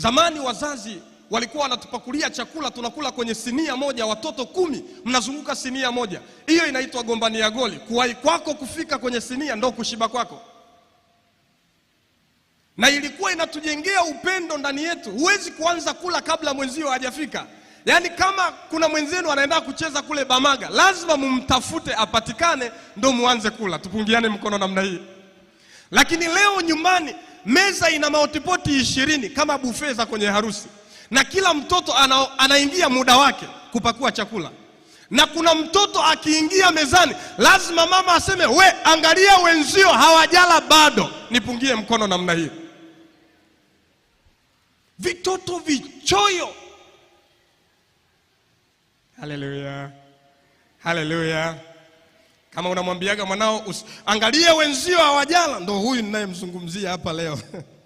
Zamani wazazi walikuwa wanatupakulia chakula tunakula kwenye sinia moja, watoto kumi mnazunguka sinia moja. Hiyo inaitwa gombania goli. Kuwahi kwako kufika kwenye sinia ndo kushiba kwako, na ilikuwa inatujengea upendo ndani yetu. Huwezi kuanza kula kabla mwenzio hajafika. Yaani, kama kuna mwenzenu anaenda kucheza kule Bamaga, lazima mumtafute apatikane, ndo muanze kula. Tupungiane mkono namna hii. Lakini leo nyumbani meza ina maotipoti ishirini kama buffet za kwenye harusi, na kila mtoto ana, anaingia muda wake kupakua chakula, na kuna mtoto akiingia mezani lazima mama aseme we, angalia wenzio hawajala bado, nipungie mkono namna hiyo. Vitoto vichoyo. Haleluya, haleluya. Kama unamwambiaga mwanao angalia wenzio hawajala, ndo huyu ninayemzungumzia hapa leo.